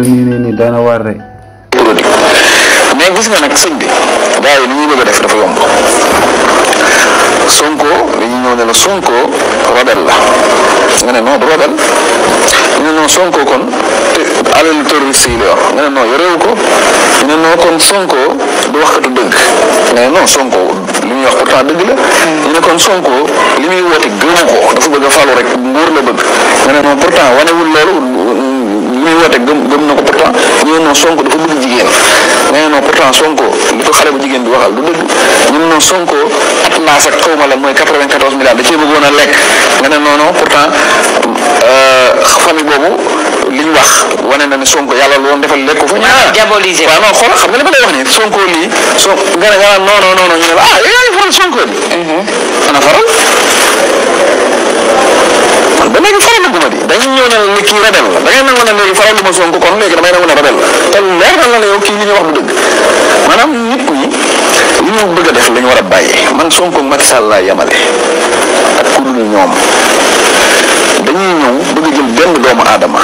nii nii nii mais gis nga nag sëñ bi gars yi li ñuy bëgg a def dafa yomb Sonko dañuy Sonko rebelle la nga ne non du rebelle ñu Sonko kon alal terroriste yi yorewu ko ñu Sonko du waxkatu dëgg nga ne non Sonko li muy wax pourtant dëgg la ñu ne kon Sonko li muy woote gëmu ko dafa bëgg a falu rek nguur la bëgg nga ne non pourtant wanewul loolu muy woote gëm gëm na ko pourtant ñoo noo Sonko dafa bëgg jigéen nee noo pourtant Sonko li ko xale bu jigéen bi waxal du dëgg ñun noo Sonko atlas ak la mooy quatre vingt da cee bëggoon lekk nga ne non non pourtant euh, famille boobu liñ wax wane na ne Sonko yàlla loon defal lekk ko fa ñaa xam nga li ma lay wax Sonko lii so nga ne nga non non ñu ne ah yow yaa ngi faral Sonko bi mhm. kii rebel la da ngay nangu léegi faral ma Sonko kon léegi damay nangu ne rebel la la kii li ñu wax du dëgg maanaam nit ñi li ñu bëgg a def la war a bàyyi man Sonko Macky Sall laa yemale ak ku ñoom dañuy ñëw bëgg jël benn doomu aadama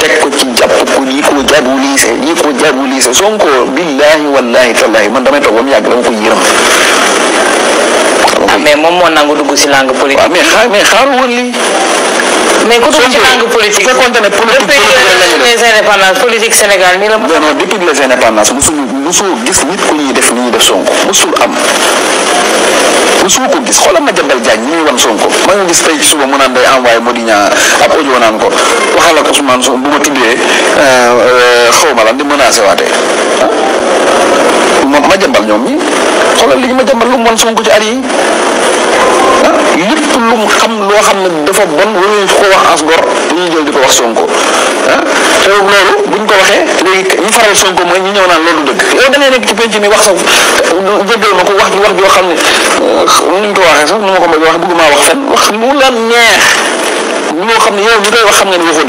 teg ko ci jàpp ko ñii ko jaagu liise ñii ko jaagu liise Sonko billaahi wallaahi tallaahi man damay toog ba mu yàgg dama ko yërëm ah, mais moom moo nangu dugg si langue politique. mais xaar mais lii mais ku dugg ci langue politique bu ne politique depuis les indépendances politique Sénégal nii la. non non depuis les indépendances musul gis ku ñuy def li def Sonko musul am musul ko gis xoolal ma jabal Diagne ñu ngi wan Sonko maa ngi gis tey ci suba mu naan day envoyé Mody Niang ab audio naan ko waxal ko Ousmane Sonko bu ma tuddee euh, xaw ma lan di menacé waatee ah? ma jambal ñoom ñi xoolal li ñu ma jambal lu mu wan Sonko ci at yi lépp lu xam loo xam ne dafa bon wala ko wax as gor dañuy jël di ko wax ah, buñ ko waxee léegi ñu faral sonko mooy ñu ñëw naan loolu dëgg yow da ngay wax sa jéggal ma ko wax wax joo xam ne nuñ ko waxee sax nu ma ko mën wax bëgguma wax fen wax lu la neex loo xam ne yow li koy wax xam nga ne waxoo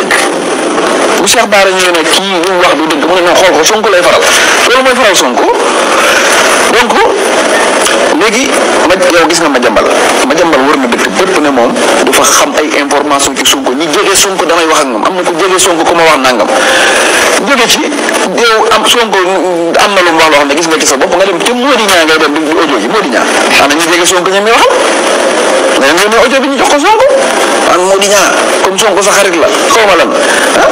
bu Cheikh Bara ñëwee ne mu wax du dëgg mu ne ñoo xool ko sonko lay faral loolu mooy faral sonko donc. léegi ma yow gis nga ma jambal ma jambal wër na dëkk bépp ne moom du fa xam ay information ci Sonko ñu jógee Sonko damay wax ak moom am na ko jógee Sonko ko ma wax nangam jóge ci yow am Sonko am na lu mu loo xam ne gis nga ci sa bopp nga dem te moo di ñaa ngay dem di audio yi moo di ñu jógee Sonko ñoom ñoo xam mais ñoom ñoo bi ñu jox ko Sonko an moo di ñaa comme Sonko sa xarit la xaw ma lan ah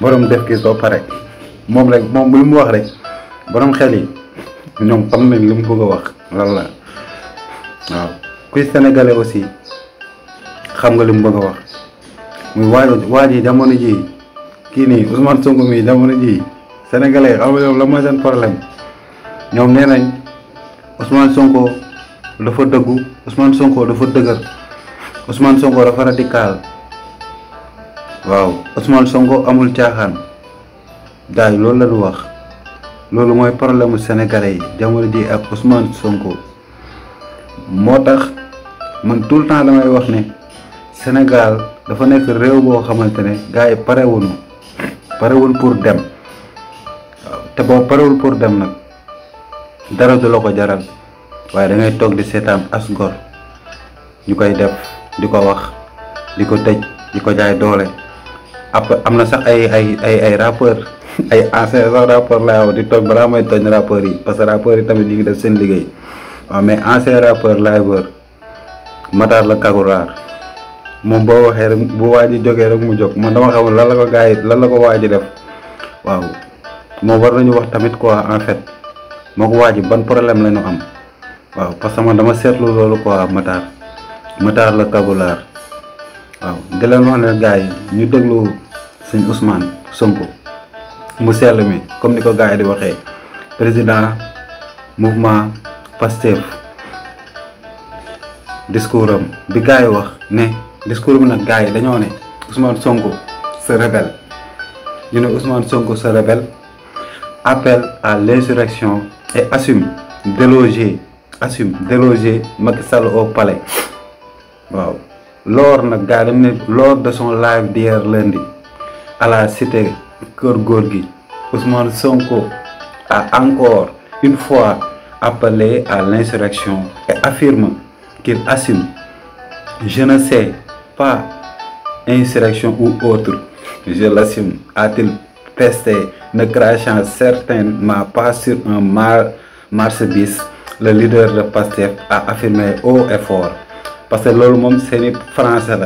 borom def ki so pare mom rek mom lu mu wax rek borom xel yi ñom xam nañ lu mu bëgg wax lan la waaw ku sénégalais aussi xam nga lu mu bëgg wax muy waaj waaj yi jamono ji ki ni Ousmane Sonko mii jamono ji sénégalais xam nga la mooy seen problème ñom nee nañ Ousmane Sonko dafa dëggu Ousmane Sonko dafa dëgër Ousmane Sonko dafa radical waaw Ousmane Sonko amul caaxaan gars yi loolu la du wax loolu mooy problème mu sénégalais yi jamono ji ak Ousmane Sonko moo tax man tout le temps damay wax ne senegal dafa nekk réew boo xamante ne gars yi parewuñu parewul pour dem te boo parewul pour dem nag dara du la ko jaral waaye da ngay toog di seetaan as ñu koy def di ko wax di ko tëj di ko jaay doole. après am na sax ay ay ay ay rappeur ay ancien sax rappeur laa wax di toj balaa may toj rappeur yi parce que rappeur yi tamit ñu ngi def seen liggéey waaw mais ancien rappeur laay wër Matar la Kakuraar moom boo waxee rek bu waa ji jógee rek mu jóg man dama xamul lan la ko gars yi lan la ko waa ji waaw moom war nañu wax tamit quoi en fait moo ko waa ji ban problème lañu am waaw parce que man dama seetlu loolu quoi Matar Matar la Kakuraar waaw di wax ne gars ñu déglu. Ousmane Sonko mu sell comme ni ko gars di waxee président mouvement pasteur discours am bi gars wax ne discours bi nag gars yi ne Ousmane Sonko se rebelle ñu ne Ousmane Sonko se rebelle appel à l'insurrection et assume déloger assume déloger Macky Sall au palais waaw lors de son live d'hier lundi à la cité Ousmane Sonko a encore une fois appelé à l'insurrection et affirme qu'il assume. Je ne sais pas insurrection ou autre, je l'assume, a-t-il testé ne crachant certainement pas sur un mar Marsbis. Le leader de PASTEF a affirmé haut et fort parce que monde monde, français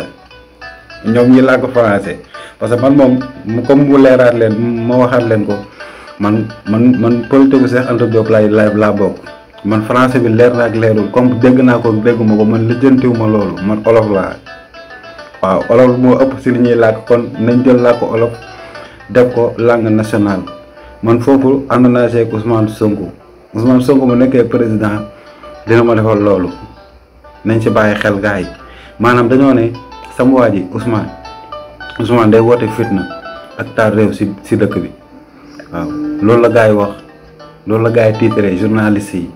Nous sommes la français parce que man moom mu comme mu leeraat leen ma waxaat leen ko man man man politique bu Cheikh Anta Diop laay la laa bokk man français bi leer na ak leerul comme dégg naa ko dégguma ko man lijjantiw ma loolu man olof laa waaw olof moo ëpp si li ñuy làkk kon nañ jël làkk olof def ko langue nationale man foofu ànd naa seeg Ousmane Sonko Ousmane Sonko mu nekkee président dina ma defal loolu nañ si bàyyi xel gaa yi maanaam dañoo ne sama waa ji Ousmane Ousmane day woote fitna ak taal réew si dëkk bi waaw loolu la gars yi wax loolu la gars yi tiitre journalistes yi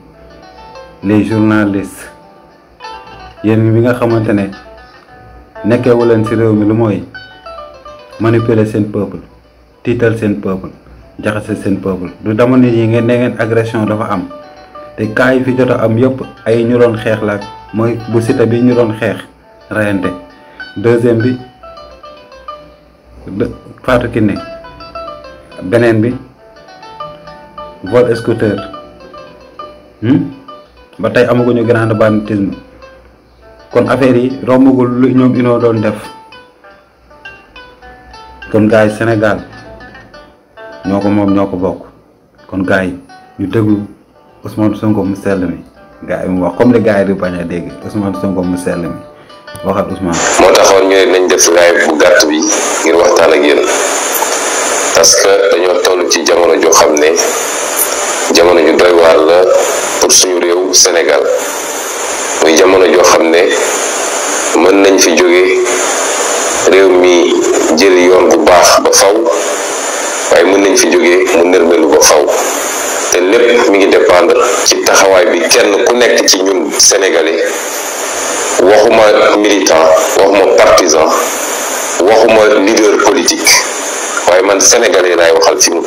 les journalistes yéen bi nga xamante ne nekkeewu leen si réew mi lu mooy manipuler seen peuple tiital seen peuple jaxase seen peuple du dama nit yi ngeen ne ngeen agression dafa am te cas yi fi jot a am yëpp ay ñu doon xeex la mooy bu sita bi ñu doon xeex rayante deuxième bi Fatou Kiné beneen bi vol scooter hmm? ba tey amaguñu grand banditisme kon affaire yi rombagul lu ñoom inoo doon def kon gars yi Sénégal ñoo ko moom ñoo ko bokk kon gars yi ñu déglu Ousmane Sonko mu sell mi gars mu wax comme li gars yi bañ a dégg Ousmane Sonko mu sell mi waxal Ousmane. moo taxoon ñu ne nañ def live bu gàtt bi. ngir waxtaan ak yéen parce que dañoo toll ci jamono joo xam ne jamono ju doy la pour suñu réew Sénégal muy jamono joo xam ne mën nañ fi jóge réew mi jël yoon bu baax ba faw waaye mën nañ fi jóge mu nërmelu ba faw te lépp mi ngi dépendre ci taxawaay bi kenn ku nekk ci ñun sénégalais waxuma militant waxuma partisan waxuma leader politique waaye man sénégalais laay waxal fi mu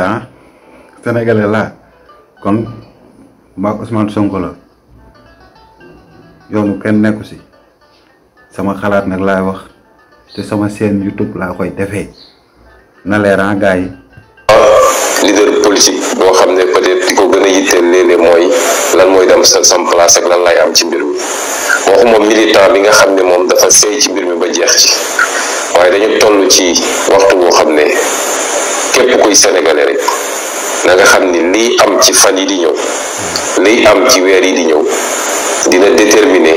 ah. la kon mbaa Ousmane Sonko la yoonu kenn nekku sama xalaat nag laay wax te sama chaîne YouTube laa koy defee na leer ah leader politique moy dem sa sam place ak lan lay am ci mbir mi waxuma militant bi nga xamne mom dafa sey ci mbir mi ba jeex ci waye dañu tollu ci waxtu bo xamne kep koy sénégalais rek na nga xamni li am ci fan yi di ñew li am ci wér yi di ñew dina déterminer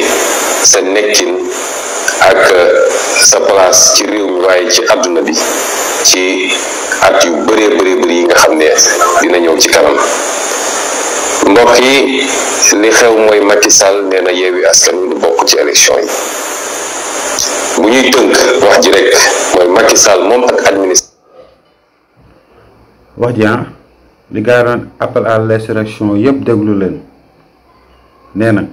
sa nekkin ak sa place ci réew mi waye ci aduna bi ci at yu bëree bëree bëri yi nga xamne dina ñew ci kanam mbokk yi li xew moy Macky Sall neena yewi askan wi du ci election yi bu ñuy teunk wax ji rek moy Macky Sall mom ak administration. wax ji ah li gaaroon appel à l'insurrection yeb deglu len neena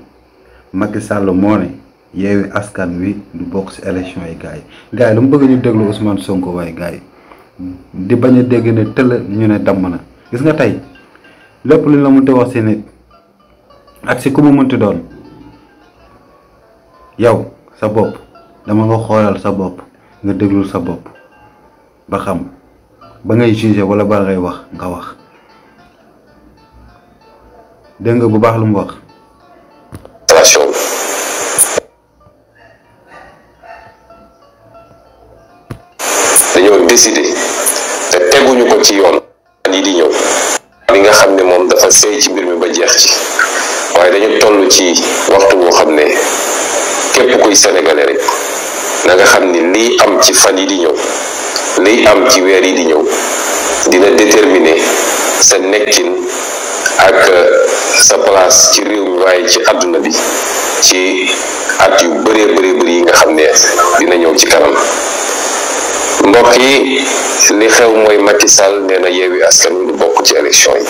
Macky Sall mo ne yewi askan wi du bokk ci election yi gaay gaay lu mu bëgg ñu deglu Ousmane Sonko way gaay di baña degg ne tëll ñu ne dam na gis nga tay lepp luñ la mënta wax seen nit ak ci ku mu doon yow sa bop dama nga xolal sa bop nga deglul sa bop ba xam ba ngay juger wala ba ngay wax nga wax deng bu baax lu mu wax mooy sénégalais rek na nga xamni ni am ci fan yi di ñew li am ci weer yi di ñew dina déterminer sa nekkin ak euh, sa place ci réew mi waaye ci àdduna bi ci at yu bëree bëri nga xam ne dina ñëw ci kanam mbokk yi li xew mooy Macky Sall nee na yeewi askan wi direk, bokk ci élection yi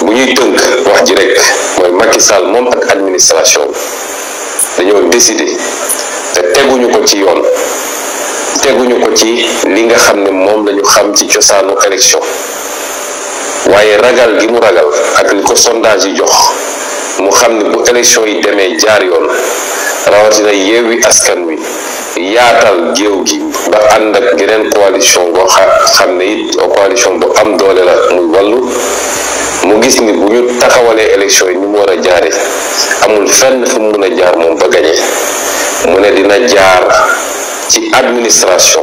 bu ñuy tënk wax ji rek mooy Macky Sall moom ak administration dañoo décider te teguñu ko ci yoon teguñu ko ci li nga xam ne moom lañu xam ci cosaanu élection waaye ragal gi mu ragal ak li ko sondage yi jox mu xam ne bu élection yi demee jaar yoon rawatina yeewi askan wi yaatal géew gi ba ànd ak geneen coalition boo xam ne it coalition bu am doole la muy wàllu mu gis ni bu ñu taxawalee élection yi ñu mu war a jaare amul fenn fu mu mun a jaar moom ba gañee mu ne dina jaar ci administration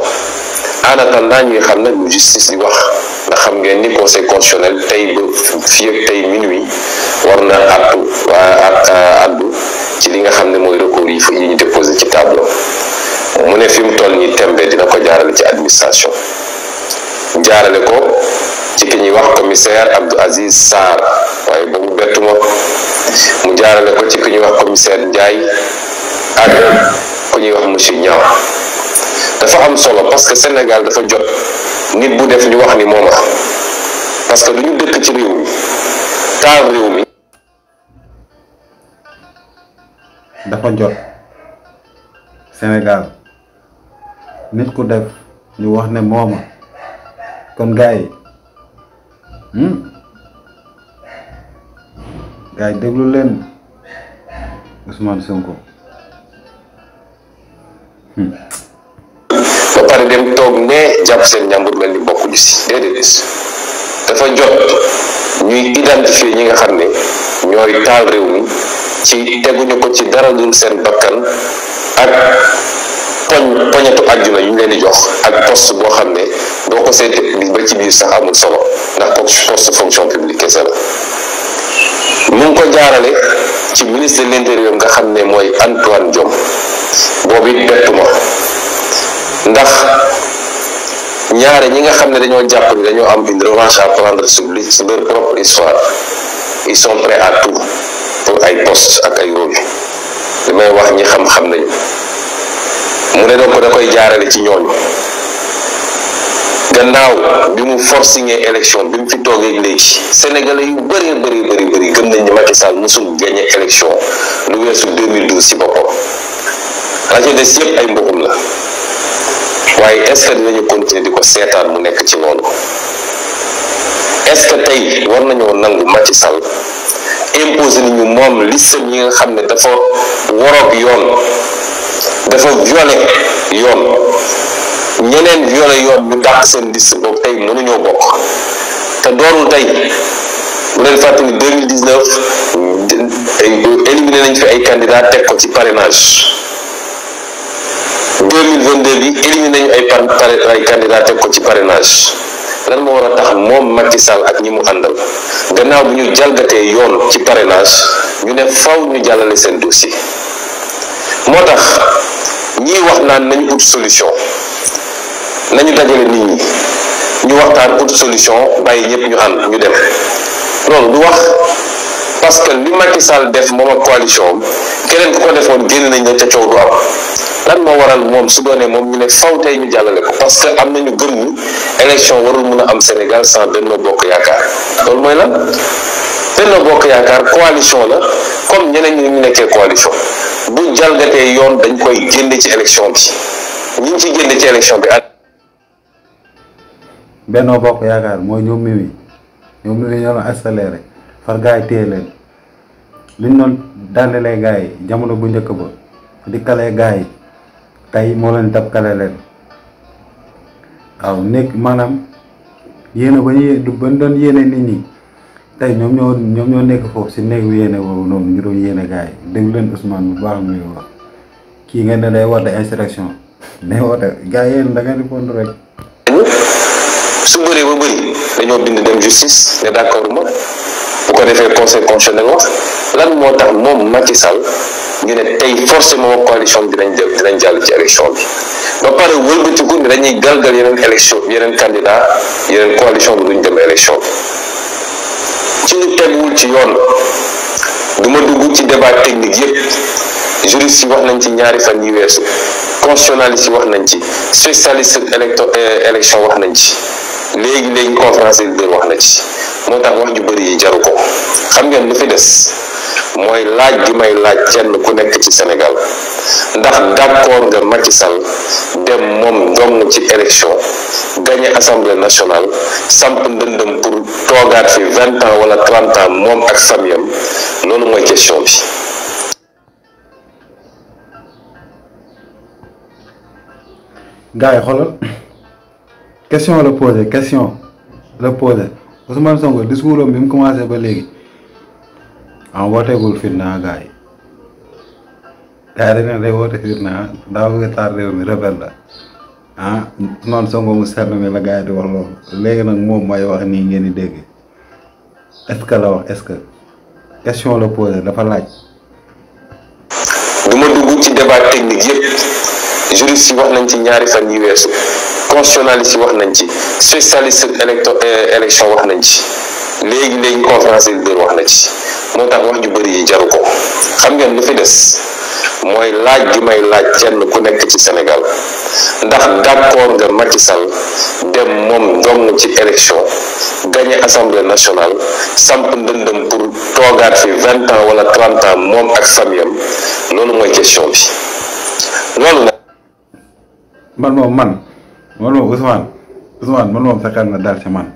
en attendant ñuy xam nag lu justice di wax ndax xam ngeen ni conseil constitutionnel tey ba fii ak tey minuit war na àttu waa àddu ci li nga xam ne mooy recours yi fa yi ñu déposé ci tableau mu ne fi mu toll nii tembe dina ko jaarale ci administration jaarale ko ci ki ñuy wax commissaire Abdou Aziz Sarr waaye boobu bettu ma mu jaarale ko ci ki ñuy wax commissaire Ndiaye ak ku ñuy wax monsieur ñaw dafa am solo parce que Sénégal dafa jot nit bu def ñu wax ni mooma parce que du ñu dëkk ci réew mi dafa jot Sénégal nit ku def ñu wax ne mooma kon gars yi Hmm? gars déglu leen Ousmane Sonko. Hmm. ba pare dem toog ne jàpp seen ñàmbur mel ni bokkuñu si déedéet dafa jot ñuy identifier ñi nga xam ne ñooy taal réew mi ci teguñu ko ci dara dul seen bakkan ak. poñ poñetu àjjuma yu ñu leen di jox ak post boo xam ne boo ko seetee ba ci biir sax amul solo ndax poste fonction publique kese la mu ngi ko jaarale ci ministre de l'intérieur nga xam ne mooy Antoine Diome boobu it ma ndax ñaare ñi nga xam ne dañoo jàpp ni dañoo am une revanche su prendre sur leur propre histoire ils sont prêts à tout pour ay poste ak ay rôle li may wax ñi xam-xam nañu mu ne ko da koy jaarale ci ñooñu gannaaw bi mu forcingé élection bi mu fi toogee léegi sénégalais yu bari bari bari bari gëm nañ ni Macky Sall musul gagné élection lu wessu 2012 ci bopom la ca des ay mbokum la waye est ce que dañu continuer di sétane mu nekk ci loolu est ce que tey war nañu nangu Macky Sall imposé ñu mom liste ñi nga xamné dafa worok yoon dafa violé yoon ñeneen violé yoon ñu dàq seen liste boobu tey mënuñoo bokk te doorul tey bu leen fàttali deux mille dix neuf éliminé nañ fi ay candidats teg ko ci parrainage deux mille vingt deux bi éliminé nañu ay par ay candidats teg ko ci parrainage lan moo war a tax moom Macky Sall ak ñi mu àndal gannaaw bi ñu jalgatee yoon ci parrainage ñu ne faw ñu jàllale seen dossier. moo tax ñi wax naan nañu ut solution nañu dajale nit ñi ñu waxtaan ut solution bàyyi ñëpp ñu ànd ñu dem loolu du wax parce que li Macky Sall def moom ak coalition am keneen ku ko defoon génn nañ ne ca coow du am lan moo waral moom su doonee moom ñu nekk faw tey ñu jàllale ko parce que am nañu gëm ni élection warul mun a am Sénégal sans Benno Bokk Yaakaar loolu mooy lan Benno Bokk Yaakaar coalition la comme ñeneen ñi ñu nekkee coalition bu jalgate yoon dañ koy jënd ci élection bi ñu ci jënd ci élection bi ak benno bokk yaakaar mooy ñoom mi wi ñoom li ñoo accéléré far gaay téye leen liñ doon daandalee gaay jamono bu njëkk ba di kale gaay yi tey moo leen dab kale leen waaw nekk maanaam yéene ba du ba doon yéene nit ñi tay ñom ñoo ñom ñoo nekk fofu ci néegu yene wo non ñu do yene gaay deug leen Ousmane bu baax muy wax ki nga ne lay woote instruction day woote gaay yéen da nga répondre rek. su bëree ba bëri dañoo bind dem justice ne d'accord accord ma bu ko defee conseil constitutionnel wax lan moo tax moom Macky Sall ñu ne tey forcément coalition bi dinañ jël dinañ jàll ci élection bi ba pare wëlbatiku ne dañuy galgal yeneen élection yeneen candidat yeneen coalition bi duñ dem élection bi. ci lu teguwul ci yoon duma ma ci débat technique yëpp juriste yi wax nañ ci ñaari fan yi weesu constitutionnaliste yi wax nañ ci spécialiste électo euh, élection wax nañ ci léegi léegi conférence des wax na ci moo tax wax ju bëri yi jaru ko xam ngeen lu fi des mooy laaj bi may laaj kenn ku nekk ci Sénégal ndax d'accord nga Macky Sall dem moom dong ci élection gagné assemblée nationale samp ndëndëm toogaat fi vingt ans wala trente ans moom ak famiyam loolu mooy question bi gars yi question la posé question la posé Ousmane Sonko discours am mu commencé ba léegi am ah, wooteegul fitna gars yi gars yi fitna daa bëgg a mi rebelle la ah noonu Sonko mu na ne la gars yi di wax loolu léegi nag moom mooy wax nii ngeen di dégg est-ce que la wax est question la posée dafa laaj. du ma dugg ci débat technique yëpp juriste yi wax nañ ci ñaari fan yi weesu constitutionnaliste yi wax nañ ci spécialiste électo euh, élection wax nañ ci léegi léegi conférence yi wax na ci moo tax wax ju bëri yi jaru ko xam ngeen lu fi des. mooy laaj gi may laaj kenn ku nekk ci Sénégal ndax d'accord nga Macky Sall dem moom dong ci élection gagné assemblée nationale samp ndëndëm pour toogaat fi vingt ans wala trente ans moom ak famiyam loolu mooy question bi loolu nag man moom man man moom Ousmane Ousmane man moom sa xel na daal ci man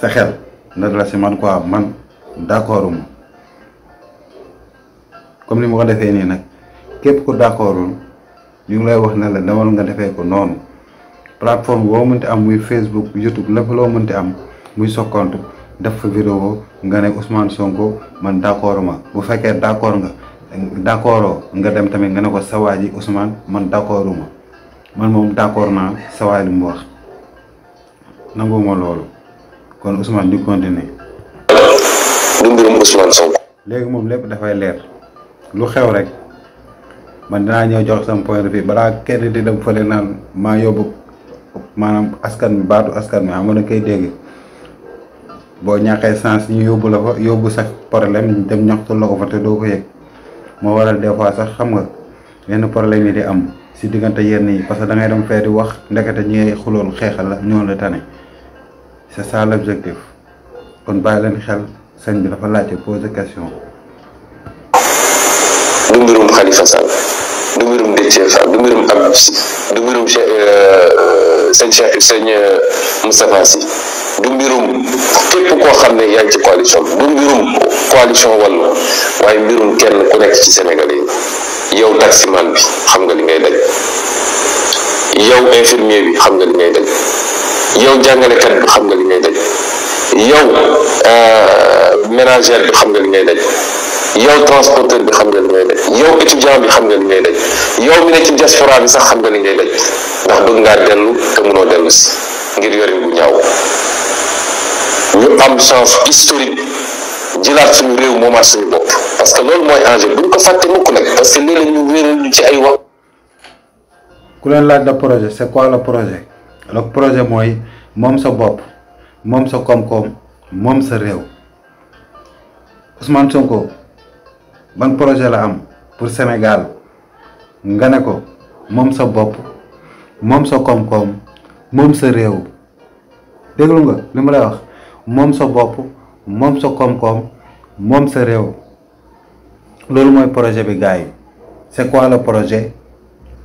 sa xel na daal ci man quoi man d'accorduma comme ni ma ko defee nii nag képp ku d'accordul ñu ngi lay wax ne la demal nga defee ko noonu plateforme boo mënti am muy Facebook YouTube lépp loo mënti am muy sa compte def fa vidéo nga ne Ousmane Sonko man d'accord ma bu fekkee d'accord nga d'accord nga dem tamit nga ne ko sawaa ji Ousmane man d'accorduma man moom d'accord naa sawaay li mu wax nanguma loolu kon Ousmane di continuer léegi moom lépp dafay leer lu xew rek man dinaa ñëw jox sama point de balaa kenn di dem fële naan maa yóbbu maanaam askan bi baatu askan bi xam nga koy dégg boo ñàkkee sens ñu yóbbu la yóbbu sax problème dem ñaxtu la ko fa te doo ko yëg moo waral des fois sax xam nga yenn problème yi di am si diggante yenn yi parce que da ngay dem fee di wax ndekete ñi ngay xuloon xeexal la ñoo la tane c'est ça l'objectif kon bàyyi leen xel sëñ bi dafa laajte poser question. du mbirum Khalifa Sall du mbirum Déthié Fall du mbirum Abdou Sy du mbirum Cheikh euh, sëñ Cheikh sëñ euh, du mbirum képp koo xam ne yaa ngi ci coalition du mbirum coalition Wallu waaye mbirum kenn ku ci Sénégal yi yow taximan bi xam nga li ngay daj yow infirmier bi xam nga li ngay daj yow jàngalekat bi xam nga li ngay daj yow euh, ménagère bi xam nga li ngay daj yow transporteur bi xam nga li ngay yow étudiant bi xam nga li ngay daj yow mi ne ci diaspora bi sax xam nga li ngay daj ndax bëgg ngaa dellu te mënoo dellu si ngir yorin bu ñaaw ñu am chance historique jëlaat suñu réew moomaat suñu bopp parce que loolu mooy enjeu buñ ko fàtte ko nag parce que léeg ñu wéeral ñu ci ay wax ku leen laaj na projet c'est quoi le projet le projet mooy moom sa bopp moom sa koom-koom moom sa réew Ousmane Sonko ban projet la am pour Sénégal nga ne ko moom sa bopp moom sa koom-koom moom sa réew déglu nga li ma lay wax moom sa bopp moom sa koom-koom sa réew loolu mooy projet bi gars yi c'est quoi projet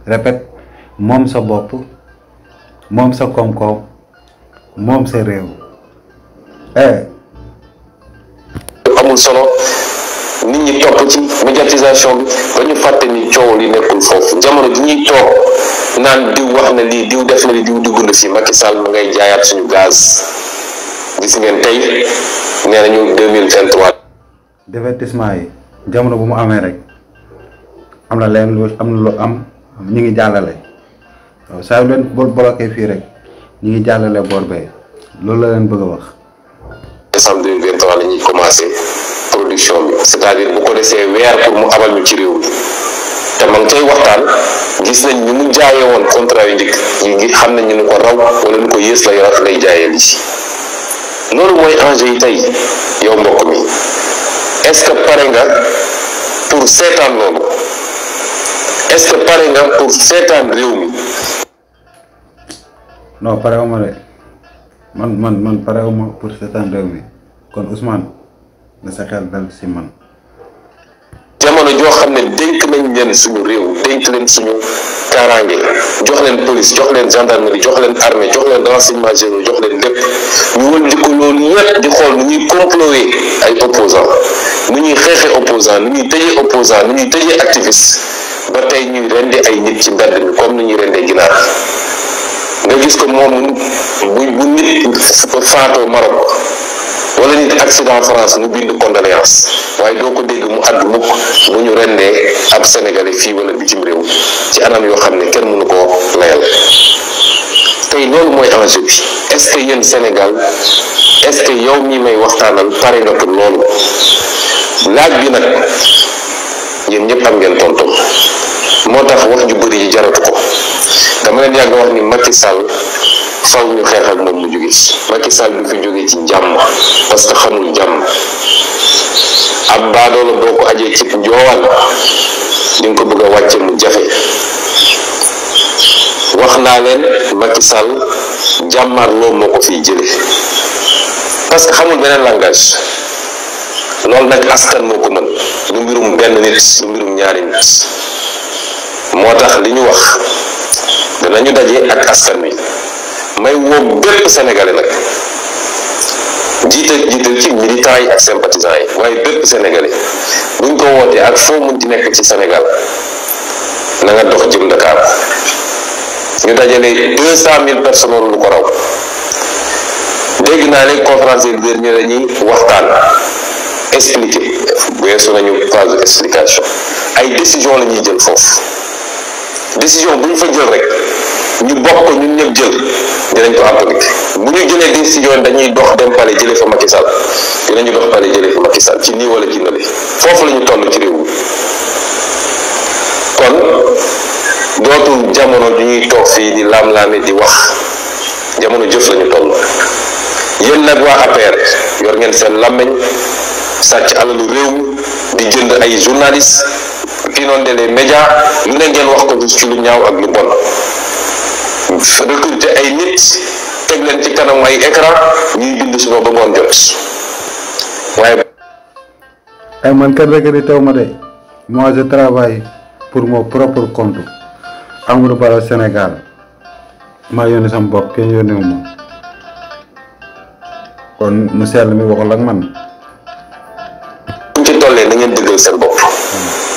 répète moom sa bopp moom sa koom-koom moom sa réew eh amul solo nit ñi topp ci médiatisation bi dañu fàtte ni coow li nekkul foofu jamono ji ñuy toog naan diw wax na lii diw def na lii diw dugg na si Macky Sall ngay jaayaat suñu gaz gis ngeen tey nee nañu deux mille vingt trois yi jamono bu mu amee rek am na leen lu am na lu am ñu ngi jàllale waaw saa yu leen bol bloqué fii rek ñu ngi jàllale bor loolu la leen bëgg a wax décembre deux mille vingt trois la ñuy commencé opposition bi c'est-à-dire bu ko desee weer pour mu abal ñu ci réew mi te ma ngi cay waxtaan gis nañ ni mu jaayee woon contrat yu ndikk yi ngi xam nañu ñu ko raw wala nu ko yées la yor lay jaayee li ci loolu mooy enjeu yi tey yow mbokk mi est-ce que pare nga pour seetaan loolu est-ce que pare nga pour seetaan réew mi. non parewuma de man man man parewuma pour seetaan réew mi kon Ousmane. na jamono joo xam ne dénk nañ leen suñu réew dénk leen suñu kaaraange jox leen police jox leen gendarmerie jox leen armée jox leen renseignement généraux jox leen lépp ñu wël di ko loolu yépp di xool nu ñuy comploter ay opposant nu ñuy xeexee opposant nu ñuy tëjee opposant nu ñuy tëjee activist ba tey ñuy rendi ay nit ci mbedd mi comme ni ñuy rendee ginaar nga gis ko moom bu bu nit faatoo Maroc wala nit accident France mu bind condoléance waaye doo ko dégg mu àddu mukk mu ñu rendee ab sénégalais fii wala bitim réew ci anam yoo xam ne kenn mënu koo layal tey loolu mooy enjeu bi est-ce que yéen Sénégal est-ce que yow mii may waxtaanal pare nga pour loolu laaj bi nag yéen ñëpp am ngeen tontom moo tax wax ju bëri yi jaratu ko dama leen yàgg wax ni Macky Sall faw ñu xeex ak moom mu jóge ci Macky Sall bi fi jóge ci jàmm parce que xamul jàmm ab baadoola boo ko ajee cib njoowal di nga ko bëgg a wàcce mu jafe wax naa leen Macky Sall jàmmarloo moo ko fiy jële parce que xamul beneen langage loolu nag askan moo ko mën du mbirum benn nit du mbirum ñaari nit moo tax li ñu wax dana ñu daje ak askan wi may woo bépp sénégalais nag jiital jiital ci militants yi ak sympathisants yi waaye bépp sénégalais buñ ko wootee ak foo mu ci nekk ci Sénégal na dox jëm Dakar ñu dajale deux cent mille personnes lu ko raw dégg naa léegi conférence yi leader ñu dañuy waxtaan expliquer weesu nañu phase explication ay décision lañuy jël foofu décision bu ñu fa jël rek. ñu bokk ñun ñëpp jël dinañ ko appliquer bu ñu jëlee décision dañuy dox dem palé jëlé fa Macky Sall dinañu dox palé jëlé fa Macky Sall ci ni wala ci nële fofu lañu ñu toll ci réew kon dootu jamono ju ñuy toog fii di lam lamé di wax jamono jëf lañu ñu toll yéen nag waa APR yor ngeen seen lammeñ sàcc alalu réew di jënd ay journaliste inondé les médias lu ne ngeen wax ko ci lu ñaaw ak lu bon recruter ay nit teg leen ci kanam ay écran ñuy bind suba ba ngoon jot waaye ay man kat rek di taw ma de moi je travaille pour mon propre compte amadou bala sénégal maa yónni sama bopp kon mu sell mi waxul ak man buñ ci tollee na ngeen dëggal seen bopp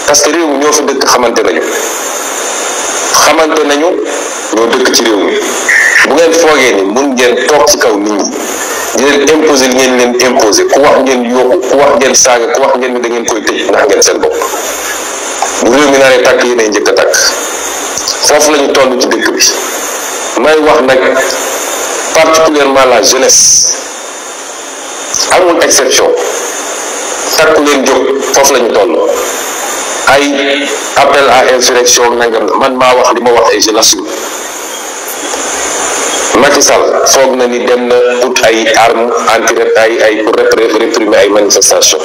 parce que réew mi ñoo fi dëkk nañu nañu ñoo dëkk ci réew mi bu ngeen foogee ni mun ngeen toog ci kaw nit ñi di leen imposer li ngeen leen imposer ku wax ngeen yokku ku wax ngeen saaga ku wax ngeen ni da ngeen koy tëj ndax ngeen seen bopp bu réew mi naree tàkk yéenay njëkk a tàkk foofu lañu ñu ci dëkk bi may wax nag particulièrement la jeunesse amul exception takku leen jóg foofu la ñu toll ay appel à insurrection nangam man ma wax ma wax ay jeunesse Macky Sall fogg na ni dem na out ay arme anti retail ay pour réprimer ay manifestation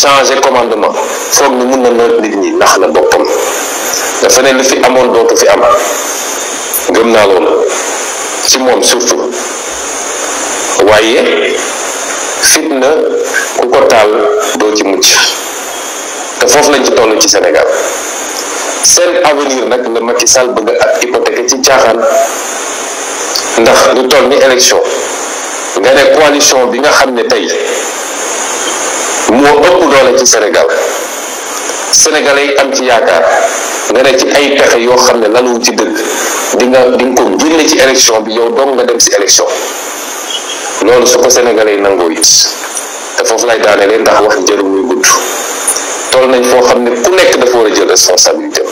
changer commandement fogg ni mën na no nit ñi nax na boppam dafa ne lu fi amoon dootu fi am gëm na lool ci mom surtout waye fitna ku ko tal do ci mucc te foofu lañ ci tollu ci Sénégal sen avenir nak le Macky Sall bëgg ak hypothèque ci tiaxan ndax lu toll ni élection nga ne coalition bi nga xamné tay tey moo ëpp doole ci Sénégal sénégalais am ci yaakaar nga ne ci ay pexe yoo xam ne laluwu ci dëgg di nga di ko génne ci élection bi yow dong nga dem ci élection loolu su ko sénégalais nangoo te foofu lay ndax wax toll nañ foo xam ne ku nekk dafa war a jël responsabilité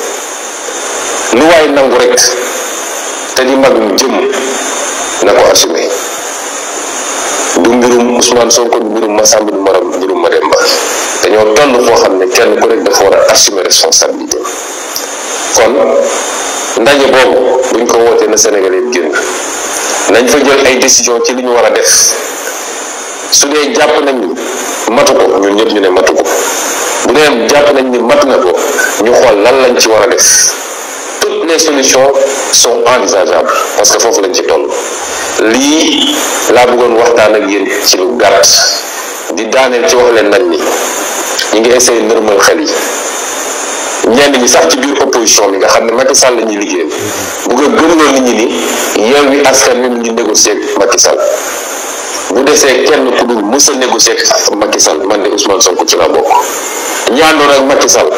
lu waay nangu rek te di magum jëm na ko assumé du mbirum Ousmane Sonko du mbirum Massamba du maram mbirum Maremba dañoo toll foo xam ne kenn ku nekk dafa war a assumé responsabilité kon ndaje boobu buñ ko wootee na Sénégal yëpp génn nañ fa jël ay décision ci li ñu war a def su dee jàpp nañu matu ko ñun ñëpp ñu ne matu ko bu dee jàpp nañ ni mat na ko ñu xool lan lañ ci war a def toutes les solutions sont envisageables parce que foofu lañ ci toll lii laa bëggoon waxtaan ak yéen ci lu gàtt di daaneel ci wax leen nag ni ñu ngi essayé normal xel yi ñenn ñi sax ci biir opposition bi nga xam ne Macky Sall la ñuy liggéeyal bu ko gëmloo nit ñi ni yow wi askan wi mu ngi négocier Macky Sall mu desee kenn ku dul mës a négocier ak Macky man de Ousmane Sonko ci la bokk ñaandoon ak Macky Sall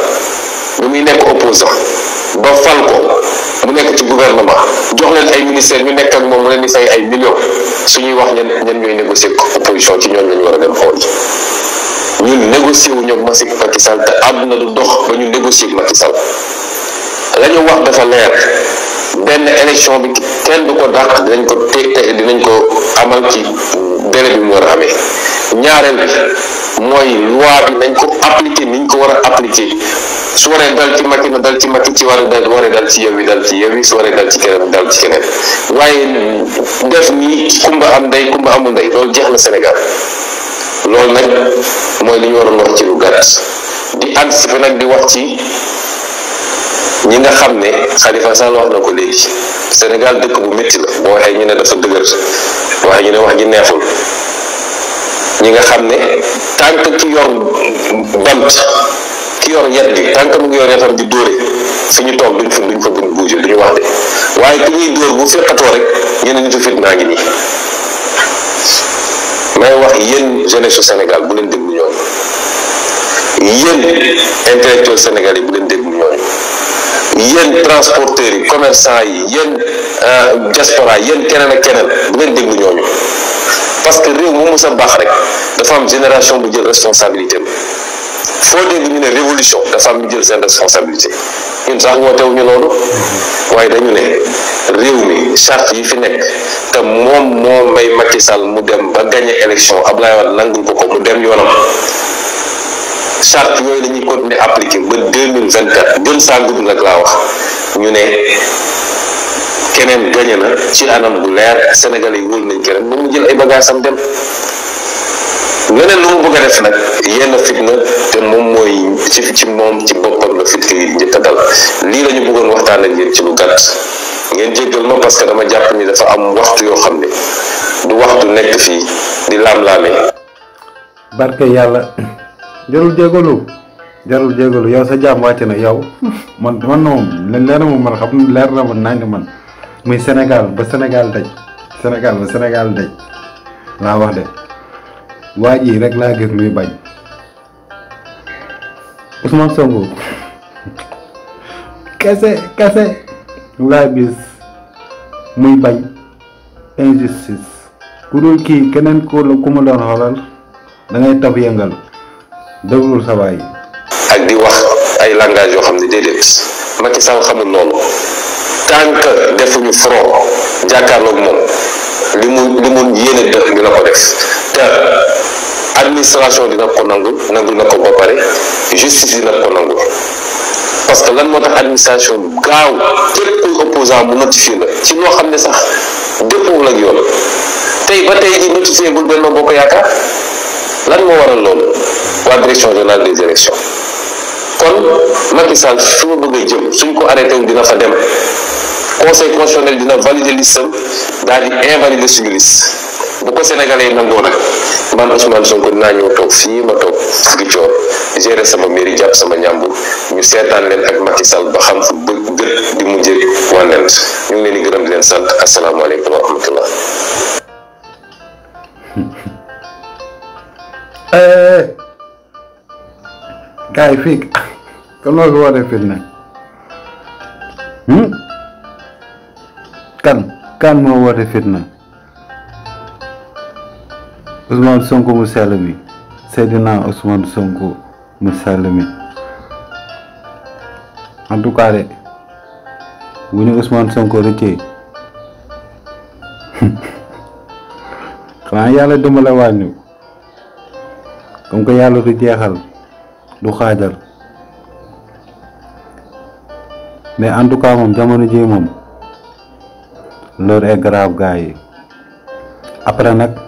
muy nekk opposant ba fal ko mu nekk ci gouvernement jox leen ay ministère ñu nekk ak moom mu leen di fay ay millions suñuy wax ñen ñen ñooy négocier opposition ci ñoom lañu war a dem xool ñun négocier wu ñoom Massi Macky Sall te àdduna du dox ba ñu négocier Macky Sall la ñu wax dafa leer benn élection bi kenn du ko dàq dinañ ko teg te dinañ ko amal ci délai bi mu war a amee ñaareel bi mooy loi bi nañ ko appliquer niñ ko war a appliquer su waree dal ci makki na dal ci Macky ci war dal waree dal ci Yewwi dal ci Yewwi su waree dal ci keneen dal ci keneen waaye def ni kumba am ndey kumba amul ndey loolu jeex na Sénégal loolu nag mooy li ñu waroon wax ci lu gàtt di anticiper nag di wax ci ñi nga xamné khalifa xalifa sall wax na ko Senegal sénégal dëkk bu metti la bo waxee ñu né dafa dëgër waxee ñu né wax ji neexul ñi nga xamné tank tànk ki yor bant ki yor yet bi tànk mu ngi yor yatam di dóore fi ñu toog duñ fa duñ fa buñ buuje duñu wax dé waye ki ñuy door bu fekkatoo rek ñu ne nitu ngi ni may wax yeen jeunesse sénégal bu leen déglu ñoo yeen intellectuel sénégal bu leen yéen transporteurs yi commerçant yi yéen euh, diaspora yéen keneen ak keneen bu ngeen ñooñu parce que réew mu mës a baax rek dafa am génération bu jël responsabilité foo dégg ñu ne révolution dafa am ñu jël seen responsabilité ñun wu ñu loolu waaye dañu ne réew mi charte yi fi nekk te moom moo may Macky Sall mu dem ba gañee élection Ablaye Wade nangu ko ko mu dem yoonam charte yooyu dañuy continuer appliquer ba 2024 bon saa gudd nag laa wax ñu ne keneen gagné na ci anam bu leer sénégalais yi wóor nañ keneen ba mu jël ay bagage am dem leneen lu mu bëgg a def nag yenn fitna te moom mooy ci ci moom ci boppam la fitna yi njëkk a dal lii la ñu bëggoon waxtaan ak yéen ci lu gàtt ngeen jéggal ma parce que dama jàpp ni dafa am waxtu yoo xam ne du waxtu nekk fii di laam-laamee barke yàlla jarul jégalu jarul jégalu yow sa jaam wàcc na yow man man na moom leer na moom man xam leer na man nañ man muy Sénégal ba Sénégal daj Sénégal ba Sénégal daj laa wax de waa ji rek laa gis muy bañ Ousmane Sonko kese kese laa gis muy bañ ku dul kii keneen ku ku ma doon xoolal da ngay tab dëglul sa waay ak di wax ay langage yoo xam ne déedéet Macky Sall xamul loolu tant que defuñu front jàkkaarloog moom li mu li mu yéene def dina ko def te administration dina ko nangu nangu na ko ba pare justice dina ko nangu parce que lan moo tax administration gaaw képp kuy opposant mu notifié la ci loo xam ne sax dëppoowul ak yoon tey ba tey ji notifié bul Benno Bokk Yaakaar lan moo waral loolu waa direction générale des élections kon Macky Sall ma bëgg a jëm suñ ko arrêté dina fa dem conseil constitutionnel dina valider liste am daal di suñu liste bu ko sénégalais yi nangoo nag man Ousmane Sonko dinaa ñëw toog fii ma toog fii coor gérer sama mairie jàpp sama ñàmbur ñu seetaan leen ak Macky Sall ba xam fu gët di mujjee wànnent ñu ngi leen di gërëm di leen sant asalaamaaleykum wa rahmatullah kaay fii kon noo fi wootee fitna hmm? kan kan moo woote fitna Ousmane Sonko mu sell mi Seydina Ousmane Sonko mu sell mi en tout cas de bu ñu Ousmane Sonko rëccee xanaa yàlla dimbale wàññi comme que yàlla du jeexal. du xaajal mais en tout cas moom jamono ji moom l'heure est grave gars yi après nag